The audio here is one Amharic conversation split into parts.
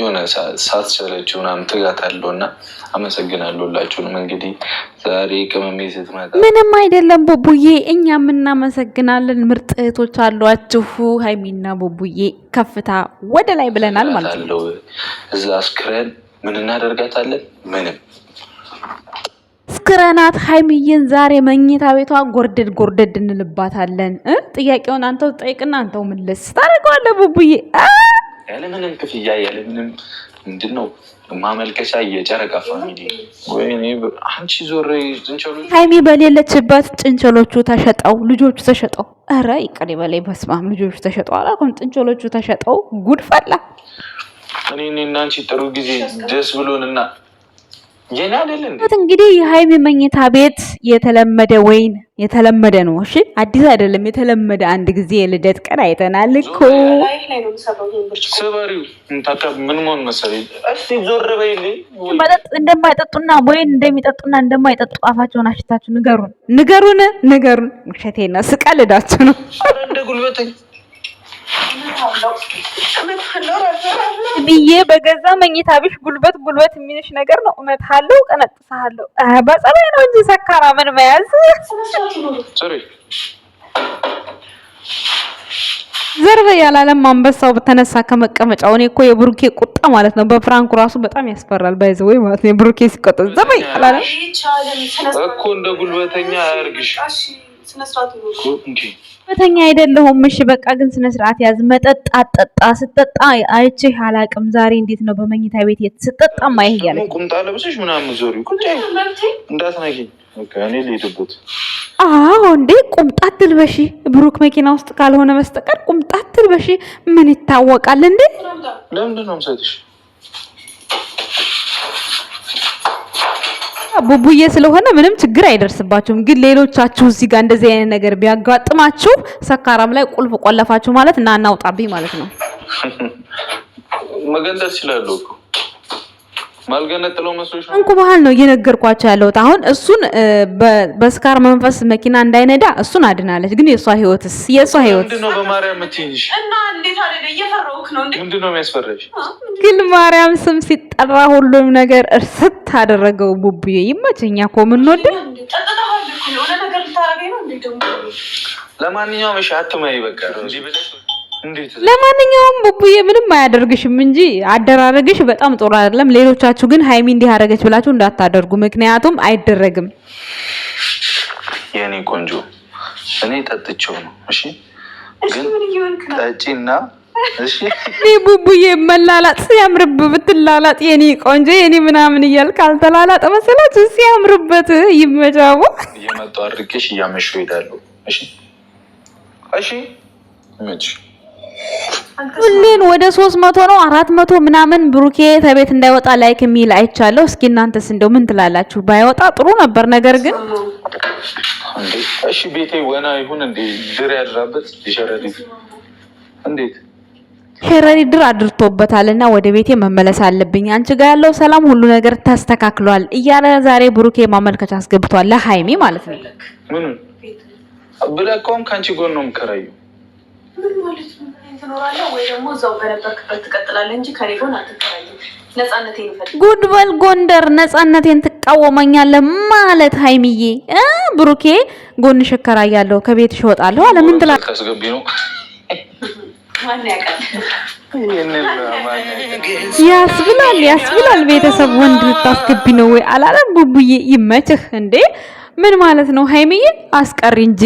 የሆነ ሳትሰለችው ምናምን ትጋት አለው እና አመሰግናለሁ። እንግዲህ ዛሬ ቅመሜ ስትመጣ ምንም አይደለም ቡቡዬ፣ እኛም እናመሰግናለን። ምርጥ እህቶች አሏችሁ። ሀይሚና ቡቡዬ ከፍታ ወደ ላይ ብለናል ማለት ነው። እዛ አስክረን ምን እናደርጋታለን? ምንም ስክረናት ሀይሚዬን ዛሬ መኝታ ቤቷ ጎርደድ ጎርደድ እንልባታለን። ጥያቄውን አንተው ጠይቅና አንተው ምልስ ታደርገዋለህ ቡቡዬ። ያለምንም ክፍያ ያለምንም ምንድን ነው ማመልከቻ የጨረቃ ፋሚሊ አንቺ ዞሬ ሀይሚ በሌለችበት ጭንቸሎቹ ተሸጠው ልጆቹ ተሸጠው። ኧረ ይቅር በላይ በስማም ልጆቹ ተሸጠው አላውቅም። ጭንቸሎቹ ተሸጠው ጉድ ፈላ። እኔ እና አንቺ ጥሩ ጊዜ ደስ ብሎንና እንግዲህ የሀይሚ መኝታ ቤት የተለመደ ወይን የተለመደ ነው። እሺ አዲስ አይደለም፣ የተለመደ አንድ ጊዜ የልደት ቀን አይተናል እኮ። መጠጥ እንደማይጠጡና ወይን እንደሚጠጡና እንደማይጠጡ አፋቸውን አሽታችሁ ንገሩን፣ ንገሩን፣ ንገሩን። ውሸቴ ነው፣ ነው። ብዬ በገዛ መኝታብሽ ጉልበት ጉልበት የሚልሽ ነገር ነው። እመታለሁ፣ ቀነጥሳለሁ። በጸባይ ነው እንጂ ሰካራምን መያዝ ዘርበ ያላለም አንበሳው በተነሳ ከመቀመጫው። እኔ እኮ የብሩኬ ቁጣ ማለት ነው በፍራንኩ ራሱ በጣም ያስፈራል። ባይዘ ወይ ማለት ነው የብሩኬ ሲቆጣ ዘበይ አላለም እኮ እንደ ጉልበተኛ አያርግሽ መተኛ አይደለሁም። እሺ በቃ ግን ስነ ስርዓት ያዝ። መጠጥ ስጠጣ አይቼ አላቅም። ዛሬ እንዴት ነው በመኝታ ቤት ስጠጣ ማይህ ያለ ቁምጣ ለብሰሽ ምናምን ዞሪ። አዎ እንዴ ቁምጣ ትልበሺ ብሩክ መኪና ውስጥ ካልሆነ በስተቀር ቁምጣ ትልበሺ ምን ይታወቃል እንዴ? ለምንድን ነው የምሰጥሽ? ቡቡዬ ስለሆነ ምንም ችግር አይደርስባችሁም። ግን ሌሎቻችሁ እዚህ ጋር እንደዚህ አይነት ነገር ቢያጋጥማችሁ ሰካራም ላይ ቁልፍ ቆለፋችሁ ማለት እና እናውጣብኝ ማለት ነው መገለጽ ይችላሉ። እንኩ ባህል ነው እየነገርኳቸው ያለሁት። አሁን እሱን በስካር መንፈስ መኪና እንዳይነዳ እሱን አድናለች። ግን የእሷ ህይወትስ የእሷ ህይወት ግን ማርያም ስም ሲጠራ ሁሉም ነገር እርስት አደረገው። ቡቡዬ ይመቸኛ እኮ ምንወድ ለማንኛውም እሺ አትመይ በቃ ለማንኛውም ቡቡዬ ምንም አያደርግሽም እንጂ አደራረግሽ በጣም ጥሩ አይደለም። ሌሎቻችሁ ግን ሀይሚ እንዲህ አደረገች ብላችሁ እንዳታደርጉ፣ ምክንያቱም አይደረግም። የኔ ቆንጆ እኔ ጠጥቼው ነው። እሺ ጠጪና እሺ ቡቡዬ መላላጥ ሲያምርብ ብትላላጥ የኔ ቆንጆ የኔ ምናምን እያልክ ካልተላላጠ መሰላችሁ ሲያምርበት ይመጫቡ እየመጡ አድርጌሽ እያመሹ ይሄዳሉ። እሺ እሺ ሁሌን ወደ ሶስት መቶ ነው አራት መቶ ምናምን ብሩኬ ተቤት እንዳይወጣ ላይክ የሚል አይቻለሁ። እስኪ እናንተስ እንደው ምን ትላላችሁ? ባይወጣ ጥሩ ነበር። ነገር ግን እሺ ቤቴ ወና ይሁን እንዴ ድር ያድራበት እንዴት ሄረሪ ድር አድርቶበታል እና ወደ ቤቴ መመለስ አለብኝ፣ አንቺ ጋር ያለው ሰላም ሁሉ ነገር ተስተካክሏል እያለ ዛሬ ብሩኬ ማመልከቻ አስገብቷል፣ ለሀይሚ ማለት ነው። ምን ብለህ እኮ ከአንቺ ጎን ነው የምከራየው ትኖራለህ ወይ ደግሞ እዛው በነበርክበት ትቀጥላለህ እንጂ ከእኔ ጎን አትቀራኝም። ነፃነቴን እፈልግ። ጉድ በል ጎንደር፣ ነፃነቴን ትቃወመኛለህ ማለት ሀይሚዬ። ብሩኬ ጎን ሽከራ እያለሁ ከቤትሽ እወጣለሁ አለ። ምን ትላለህ? አስገቢ ነው ያስብላል፣ ያስብላል። ቤተሰብ ወንድ ልታስገቢ ነው ወይ አላለም? ቡቡዬ ይመችህ እንዴ ምን ማለት ነው? ሀይሚዬ አስቀሪ እንጂ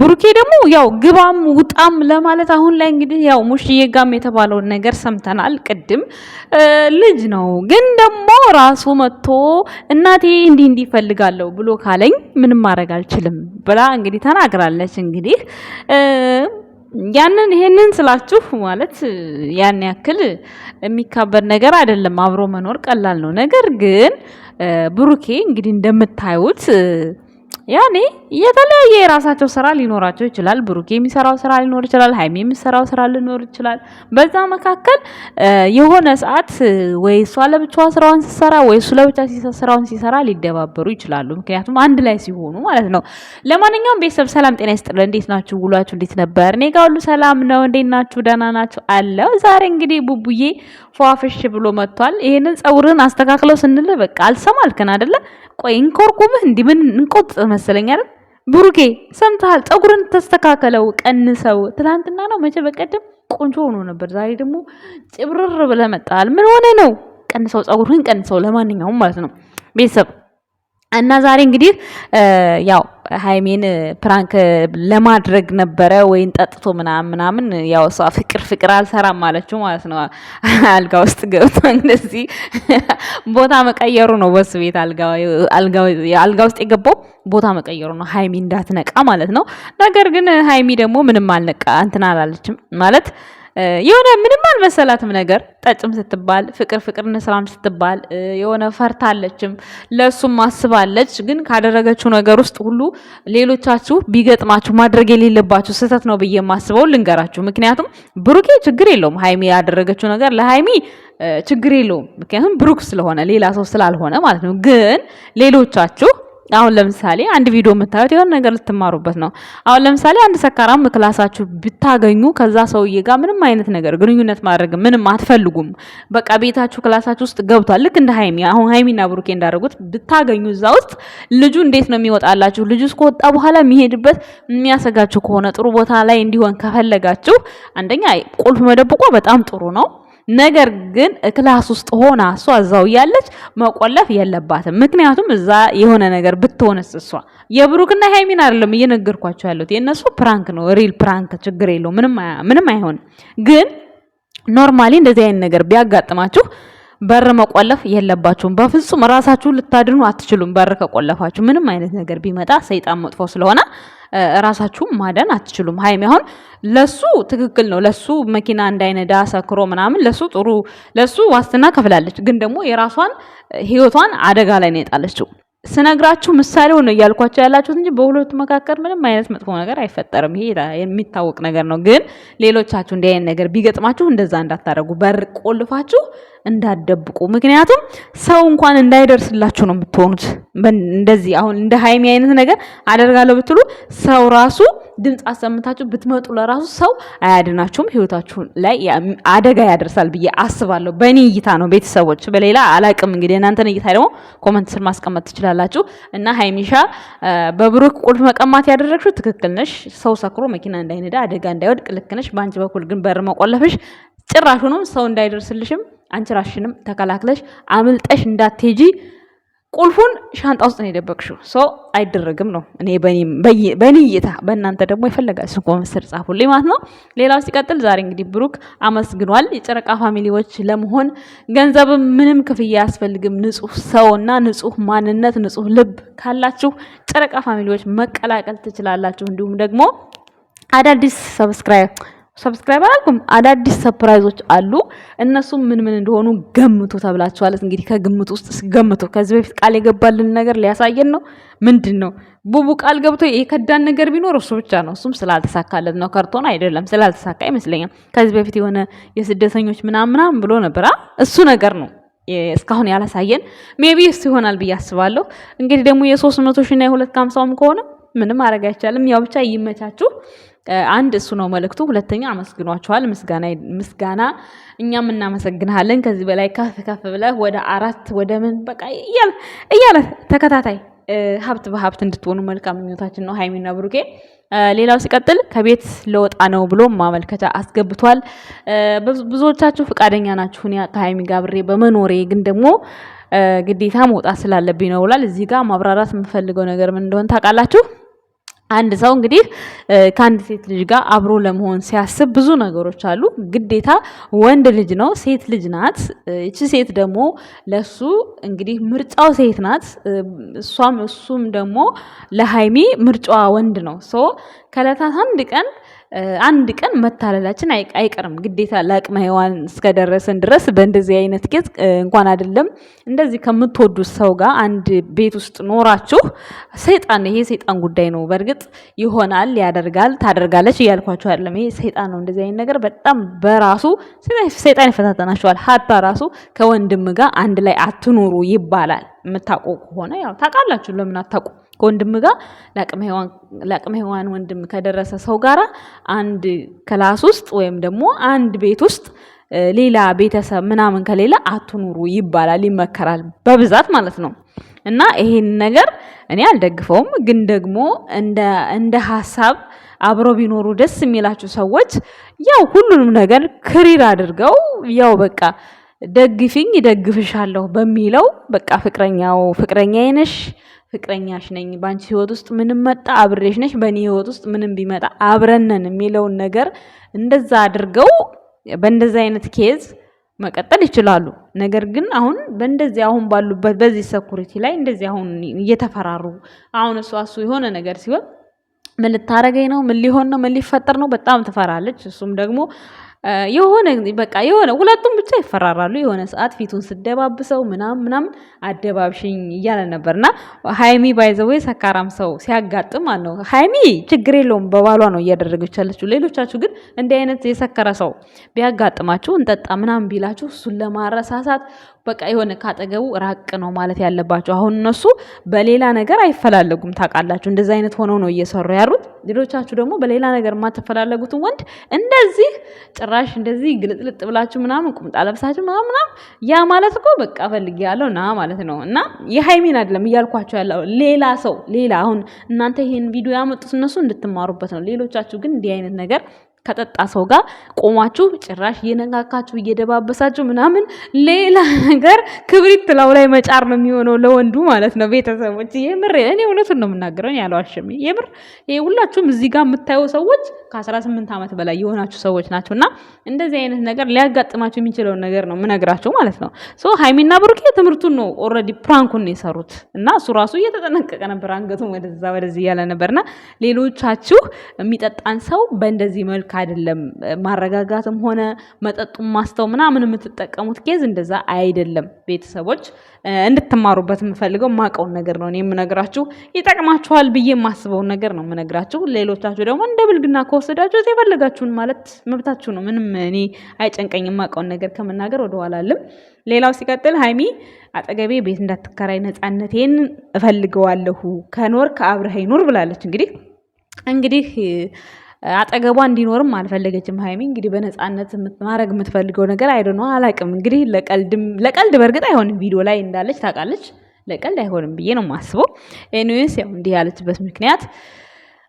ብሩኬ ደግሞ ያው ግባም ውጣም ለማለት አሁን ላይ እንግዲህ ያው ሙሽዬ ጋም የተባለውን ነገር ሰምተናል። ቅድም ልጅ ነው ግን ደግሞ ራሱ መጥቶ እናቴ እንዲህ እንዲህ እፈልጋለሁ ብሎ ካለኝ ምንም ማድረግ አልችልም ብላ እንግዲህ ተናግራለች እንግዲህ ያንን ይሄንን ስላችሁ ማለት ያን ያክል የሚካበድ ነገር አይደለም። አብሮ መኖር ቀላል ነው። ነገር ግን ብሩኬ እንግዲህ እንደምታዩት ያኔ የተለያየ የራሳቸው ስራ ሊኖራቸው ይችላል። ብሩኬ የሚሰራው ስራ ሊኖር ይችላል። ሀይሚ የሚሰራው ስራ ሊኖር ይችላል። በዛ መካከል የሆነ ሰዓት ወይ እሷ ለብቻዋ ስራዋን ሲሰራ፣ ወይ እሱ ለብቻ ስራውን ሲሰራ ሊደባበሩ ይችላሉ። ምክንያቱም አንድ ላይ ሲሆኑ ማለት ነው። ለማንኛውም ቤተሰብ ሰላም ጤና ይስጥልን። እንዴት ናችሁ? ውሏችሁ እንዴት ነበር? እኔ ጋር ሁሉ ሰላም ነው። እንዴት ናችሁ? ደህና ናችሁ? አለው። ዛሬ እንግዲህ ቡቡዬ ፏፍሽ ብሎ መጥቷል። ይሄንን ፀጉርህን አስተካክለው ስንል በቃ አልሰማልከን አይደለ? ቆይ እንኮርኩምህ እንዲምን እንቆጥ መሰለኝ አይደል ብሩኬ ሰምተሃል? ፀጉርን ተስተካከለው፣ ቀንሰው። ትላንትና ነው መቼ በቀደም ቆንጆ ሆኖ ነበር። ዛሬ ደግሞ ጭብርር ብለህ መጣል። ምን ሆነ ነው? ቀንሰው፣ ፀጉርህን ቀንሰው። ለማንኛውም ማለት ነው ቤተሰብ እና ዛሬ እንግዲህ ያው ሀይሜን ፕራንክ ለማድረግ ነበረ ወይን ጠጥቶ ምናምን ምናምን ያው እሷ ፍቅር ፍቅር አልሰራም ማለችው ማለት ነው። አልጋ ውስጥ ገብቶ እንደዚህ ቦታ መቀየሩ ነው። በሱ ቤት አልጋ ውስጥ የገባው ቦታ መቀየሩ ነው። ሀይሚ እንዳትነቃ ማለት ነው። ነገር ግን ሀይሚ ደግሞ ምንም አልነቃ እንትን አላለችም ማለት የሆነ ምንም አልመሰላትም ነገር ጠጭም ስትባል ፍቅር ፍቅር እንስራም ስትባል የሆነ ፈርታለችም ለእሱም ማስባለች። ግን ካደረገችው ነገር ውስጥ ሁሉ ሌሎቻችሁ ቢገጥማችሁ ማድረግ የሌለባችሁ ስህተት ነው ብዬ የማስበው ልንገራችሁ። ምክንያቱም ብሩኬ ችግር የለውም ሀይሚ ያደረገችው ነገር ለሀይሚ ችግር የለውም፣ ምክንያቱም ብሩክ ስለሆነ ሌላ ሰው ስላልሆነ ማለት ነው። ግን ሌሎቻችሁ አሁን ለምሳሌ አንድ ቪዲዮ የምታዩት የሆነ ነገር ልትማሩበት ነው። አሁን ለምሳሌ አንድ ሰካራም ክላሳችሁ ብታገኙ ከዛ ሰውዬ ጋር ምንም አይነት ነገር ግንኙነት ማድረግ ምንም አትፈልጉም። በቃ ቤታችሁ ክላሳችሁ ውስጥ ገብቷል። ልክ እንደ ሀይሚ አሁን ሀይሚና ብሩኬ እንዳደረጉት ብታገኙ እዛ ውስጥ ልጁ እንዴት ነው የሚወጣላችሁ? ልጁ ከወጣ በኋላ የሚሄድበት የሚያሰጋችሁ ከሆነ ጥሩ ቦታ ላይ እንዲሆን ከፈለጋችሁ አንደኛ ቁልፍ መደብቆ በጣም ጥሩ ነው። ነገር ግን ክላስ ውስጥ ሆና እሷ እዛው እያለች መቆለፍ የለባትም። ምክንያቱም እዛ የሆነ ነገር ብትሆንስ እሷ የብሩክና ሃይሚን አይደለም እየነገርኳቸው ያለሁት የእነሱ ፕራንክ ነው፣ ሪል ፕራንክ፣ ችግር የለው ምንም አይሆንም። ግን ኖርማሊ እንደዚህ አይነት ነገር ቢያጋጥማችሁ በር መቆለፍ የለባችሁም በፍጹም። ራሳችሁን ልታድኑ አትችሉም። በር ከቆለፋችሁ ምንም አይነት ነገር ቢመጣ ሰይጣን መጥፎ ስለሆነ ራሳችሁም ማዳን አትችሉም። ሀይሚ አሁን ለሱ ትክክል ነው። ለሱ መኪና እንዳይነዳ ሰክሮ ምናምን ለሱ ጥሩ ለሱ ዋስትና ከፍላለች፣ ግን ደግሞ የራሷን ህይወቷን አደጋ ላይ ነው የጣለችው። ስነግራችሁ ምሳሌው ነው እያልኳቸው ያላችሁት እንጂ በሁለቱ መካከል ምንም አይነት መጥፎ ነገር አይፈጠርም። ይሄ የሚታወቅ ነገር ነው። ግን ሌሎቻችሁ እንዲህ አይነት ነገር ቢገጥማችሁ እንደዛ እንዳታደርጉ፣ በር ቆልፋችሁ እንዳደብቁ። ምክንያቱም ሰው እንኳን እንዳይደርስላችሁ ነው የምትሆኑት። እንደዚህ አሁን እንደ ሀይሚ አይነት ነገር አደርጋለሁ ብትሉ ሰው ራሱ ድምፅ አሰምታችሁ ብትመጡ ለራሱ ሰው አያድናችሁም፣ ህይወታችሁን ላይ አደጋ ያደርሳል ብዬ አስባለሁ። በእኔ እይታ ነው ቤተሰቦች፣ በሌላ አላቅም። እንግዲህ እናንተን እይታ ደግሞ ኮመንት ስር ማስቀመጥ ትችላላችሁ። እና ሀይሚሻ በብሩክ ቁልፍ መቀማት ያደረግሽው ትክክል ነሽ። ሰው ሰክሮ መኪና እንዳይነዳ አደጋ እንዳይወድቅ ልክ ነሽ። በአንቺ በኩል ግን በር መቆለፍሽ ጭራሹንም ሰው እንዳይደርስልሽም አንቺ ራሽንም ተከላክለሽ አምልጠሽ እንዳትሄጂ ቁልፉን ሻንጣ ውስጥ ነው የደበቅሽው። ሶ አይደረግም ነው እኔ በእኔ እይታ፣ በእናንተ ደግሞ የፈለጋችሁ ኮመንስር ጻፉልኝ ማለት ነው። ሌላው ሲቀጥል ዛሬ እንግዲህ ብሩክ አመስግኗል። የጨረቃ ፋሚሊዎች ለመሆን ገንዘብም ምንም ክፍያ አያስፈልግም። ንጹህ ሰውና ንጹህ ማንነት፣ ንጹህ ልብ ካላችሁ ጨረቃ ፋሚሊዎች መቀላቀል ትችላላችሁ። እንዲሁም ደግሞ አዳዲስ ሰብስክራይብ ሰብስክራይብ አላልኩም። አዳዲስ ሰፕራይዞች አሉ። እነሱም ምን ምን እንደሆኑ ገምቱ ተብላችኋል። እንግዲህ ከግምት ውስጥ ገምቱ። ከዚህ በፊት ቃል የገባልን ነገር ሊያሳየን ነው። ምንድን ነው ቡቡ ቃል ገብቶ የከዳን ነገር ቢኖር እሱ ብቻ ነው። እሱም ስላልተሳካለት ነው። ከርቶን አይደለም ስላልተሳካ ይመስለኛል። ከዚህ በፊት የሆነ የስደተኞች ምናምን ብሎ ነበር። እሱ ነገር ነው እስካሁን ያላሳየን። ሜቢ እሱ ይሆናል ብዬ አስባለሁ። እንግዲህ ደግሞ የሶስት መቶ ሺና የሁለት ከሀምሳውም ከሆነ ምንም አረግ አይቻልም። ያው ብቻ ይመቻችሁ። አንድ እሱ ነው መልእክቱ። ሁለተኛ አመስግኗቸዋል። ምስጋና እኛም እናመሰግንሃለን። ከዚህ በላይ ከፍ ከፍ ብለህ ወደ አራት ወደ ምን በቃ እያለ ተከታታይ ሀብት በሀብት እንድትሆኑ መልካም ምኞታችን ነው። ሀይሚና ብሩኬ ሌላው ሲቀጥል ከቤት ለወጣ ነው ብሎ ማመልከቻ አስገብቷል። ብዙዎቻችሁ ፈቃደኛ ናችሁ ከሀይሚ ጋር አብሬ በመኖሬ ግን ደግሞ ግዴታ መውጣት ስላለብኝ ነው ብሏል። እዚህ ጋር ማብራራት የምፈልገው ነገር ምን እንደሆነ ታውቃላችሁ? አንድ ሰው እንግዲህ ከአንድ ሴት ልጅ ጋር አብሮ ለመሆን ሲያስብ ብዙ ነገሮች አሉ። ግዴታ ወንድ ልጅ ነው፣ ሴት ልጅ ናት። እቺ ሴት ደግሞ ለሱ እንግዲህ ምርጫው ሴት ናት፣ እሷም እሱም ደግሞ ለሀይሚ ምርጫዋ ወንድ ነው። ሶ ከዕለታት አንድ ቀን አንድ ቀን መታለላችን አይቀርም ግዴታ። ለአቅመ ሔዋን እስከደረሰን ድረስ በእንደዚህ አይነት ጌጥ እንኳን አይደለም እንደዚህ ከምትወዱት ሰው ጋር አንድ ቤት ውስጥ ኖራችሁ ሰይጣን፣ ይሄ ሰይጣን ጉዳይ ነው። በእርግጥ ይሆናል፣ ያደርጋል፣ ታደርጋለች እያልኳቸው አይደለም። ይሄ ሰይጣን ነው። እንደዚህ አይነት ነገር በጣም በራሱ ሰይጣን ይፈታተናችኋል። ሀታ ራሱ ከወንድም ጋር አንድ ላይ አትኑሩ ይባላል። የምታውቁ ከሆነ ያው ታውቃላችሁ፣ ለምን አታውቁ? ከወንድም ጋር ለአቅመ ሔዋን ወንድም ከደረሰ ሰው ጋር አንድ ክላስ ውስጥ ወይም ደግሞ አንድ ቤት ውስጥ ሌላ ቤተሰብ ምናምን ከሌላ አትኑሩ ይባላል፣ ይመከራል በብዛት ማለት ነው። እና ይሄን ነገር እኔ አልደግፈውም፣ ግን ደግሞ እንደ ሀሳብ አብሮ ቢኖሩ ደስ የሚላቸው ሰዎች ያው ሁሉንም ነገር ክሪር አድርገው ያው በቃ ደግፊኝ ይደግፍሻለሁ በሚለው በቃ ፍቅረኛው ፍቅረኛ ይነሽ ፍቅረኛሽ ነኝ፣ በአንቺ ህይወት ውስጥ ምንም መጣ አብሬሽ ነሽ፣ በእኔ ህይወት ውስጥ ምንም ቢመጣ አብረነን የሚለውን ነገር እንደዛ አድርገው በእንደዚ አይነት ኬዝ መቀጠል ይችላሉ። ነገር ግን አሁን በእንደዚህ አሁን ባሉበት በዚህ ሰኩሪቲ ላይ እንደዚህ አሁን እየተፈራሩ አሁን እሷ እሱ የሆነ ነገር ሲሆን ምን ልታረገኝ ነው? ምን ሊሆን ነው? ምን ሊፈጠር ነው? በጣም ትፈራለች። እሱም ደግሞ የሆነ በቃ የሆነ ሁለቱም ብቻ ይፈራራሉ። የሆነ ሰዓት ፊቱን ስደባብሰው ምናም ምናምን አደባብሽኝ እያለ ነበር እና ሀይሚ ባይዘዌ ሰካራም ሰው ሲያጋጥም አለ ነው ሀይሚ ችግር የለውም በባሏ ነው እያደረገች ያለችው። ሌሎቻችሁ ግን እንዲህ አይነት የሰከረ ሰው ቢያጋጥማችሁ እንጠጣ ምናም ቢላችሁ እሱን ለማረሳሳት በቃ የሆነ ካጠገቡ ራቅ ነው ማለት ያለባቸው። አሁን እነሱ በሌላ ነገር አይፈላለጉም። ታውቃላችሁ፣ እንደዚህ አይነት ሆነው ነው እየሰሩ ያሉት። ሌሎቻችሁ ደግሞ በሌላ ነገር የማትፈላለጉትን ወንድ እንደዚህ ጭራሽ እንደዚህ ግልጥልጥ ብላችሁ ምናምን ቁምጣ ለብሳችሁ ምናምን ያ ማለት እኮ በቃ ፈልግ ያለው ና ማለት ነው። እና የሃይሜን አይደለም እያልኳቸው ያለው ሌላ ሰው ሌላ አሁን እናንተ ይህን ቪዲዮ ያመጡት እነሱ እንድትማሩበት ነው። ሌሎቻችሁ ግን እንዲህ አይነት ነገር ከጠጣ ሰው ጋር ቆማችሁ ጭራሽ እየነካካችሁ እየደባበሳችሁ ምናምን ሌላ ነገር ክብሪት ላው ላይ መጫር ነው የሚሆነው ለወንዱ ማለት ነው። ቤተሰቦች የምር እኔ እውነቱን ነው የምናገረው ያለዋሽም የምር ሁላችሁም እዚህ ጋር የምታየው ሰዎች ከ18 ዓመት በላይ የሆናችሁ ሰዎች ናቸው እና እንደዚህ አይነት ነገር ሊያጋጥማችሁ የሚችለውን ነገር ነው ምነግራችሁ ማለት ነው። ሶ ሀይሚና ብሩኬ ትምህርቱን ነው ኦልሬዲ ፕራንኩን ነው የሰሩት እና እሱ ራሱ እየተጠነቀቀ ነበር፣ አንገቱ ወደዛ ወደዚህ እያለ ነበር እና ሌሎቻችሁ የሚጠጣን ሰው በእንደዚህ መልክ አይደለም ማረጋጋትም ሆነ መጠጡም ማስተው ምናምን የምትጠቀሙት ኬዝ እንደዛ አይደለም። ቤተሰቦች እንድትማሩበት የምፈልገው ማቀውን ነገር ነው የምነግራችሁ። ይጠቅማችኋል ብዬ የማስበውን ነገር ነው የምነግራችሁ። ሌሎቻችሁ ደግሞ እንደ ብልግና ኮ ከወሰዳችሁ የፈለጋችሁን ማለት መብታችሁ ነው። ምንም እኔ አይጨንቀኝም። የማውቀውን ነገር ከመናገር ወደኋላ አልልም። ሌላው ሲቀጥል ሀይሚ አጠገቤ ቤት እንዳትከራይ ነፃነቴን እፈልገዋለሁ ከኖር ከአብረሃይ ይኑር ብላለች። እንግዲህ እንግዲህ አጠገቧ እንዲኖርም አልፈለገችም። ሀይሚ እንግዲህ በነፃነት ማድረግ የምትፈልገው ነገር አይደ ነው አላቅም። እንግዲህ ለቀልድ በእርግጥ አይሆንም ቪዲዮ ላይ እንዳለች ታውቃለች። ለቀልድ አይሆንም ብዬ ነው የማስበው። ኤኒዌይስ ያው እንዲህ ያለችበት ምክንያት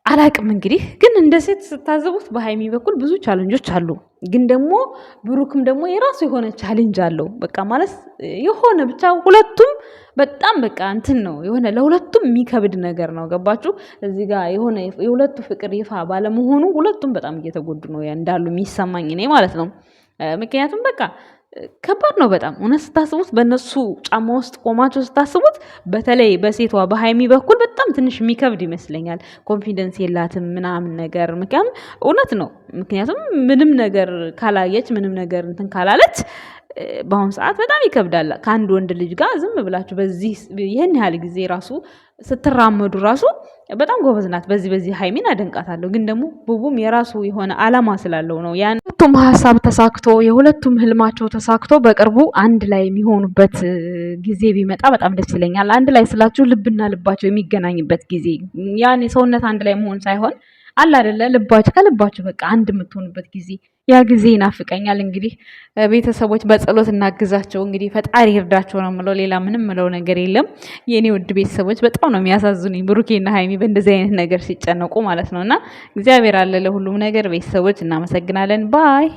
አላቅም እንግዲህ ግን እንደ ሴት ስታዘቡት በሀይሚ በኩል ብዙ ቻለንጆች አሉ። ግን ደግሞ ብሩክም ደግሞ የራሱ የሆነ ቻሌንጅ አለው። በቃ ማለት የሆነ ብቻ ሁለቱም በጣም በቃ እንትን ነው የሆነ ለሁለቱም የሚከብድ ነገር ነው። ገባችሁ? እዚህ ጋር የሆነ የሁለቱ ፍቅር ይፋ ባለመሆኑ ሁለቱም በጣም እየተጎዱ ነው እንዳሉ የሚሰማኝ እኔ ማለት ነው። ምክንያቱም በቃ ከባድ ነው በጣም እውነት ስታስቡት፣ በእነሱ ጫማ ውስጥ ቆማቸው ስታስቡት፣ በተለይ በሴቷ በሀይሚ በኩል በጣም ትንሽ የሚከብድ ይመስለኛል። ኮንፊደንስ የላትም ምናምን ነገር ምክንያቱም እውነት ነው። ምክንያቱም ምንም ነገር ካላየች ምንም ነገር እንትን ካላለች በአሁኑ ሰዓት በጣም ይከብዳል። ከአንድ ወንድ ልጅ ጋር ዝም ብላችሁ በዚህ ይህን ያህል ጊዜ ራሱ ስትራመዱ ራሱ በጣም ጎበዝ ናት። በዚህ በዚህ ሀይሚን አደንቃታለሁ። ግን ደግሞ ቡቡም የራሱ የሆነ አላማ ስላለው ነው ያን ሁለቱም ሀሳብ ተሳክቶ የሁለቱም ህልማቸው ተሳክቶ በቅርቡ አንድ ላይ የሚሆኑበት ጊዜ ቢመጣ በጣም ደስ ይለኛል። አንድ ላይ ስላችሁ ልብና ልባቸው የሚገናኝበት ጊዜ ያን ሰውነት አንድ ላይ መሆን ሳይሆን አለ አይደለ ልባችሁ ከልባችሁ በቃ አንድ የምትሆኑበት ጊዜ ያ ጊዜ ይናፍቀኛል። እንግዲህ ቤተሰቦች በጸሎት እናግዛቸው፣ እንግዲህ ፈጣሪ ይርዳቸው ነው ምለው። ሌላ ምንም ምለው ነገር የለም። የእኔ ውድ ቤተሰቦች በጣም ነው የሚያሳዝኑኝ፣ ብሩኬና ሀይሚ በእንደዚህ አይነት ነገር ሲጨነቁ ማለት ነው። እና እግዚአብሔር አለ ለሁሉም ነገር። ቤተሰቦች እናመሰግናለን። ባይ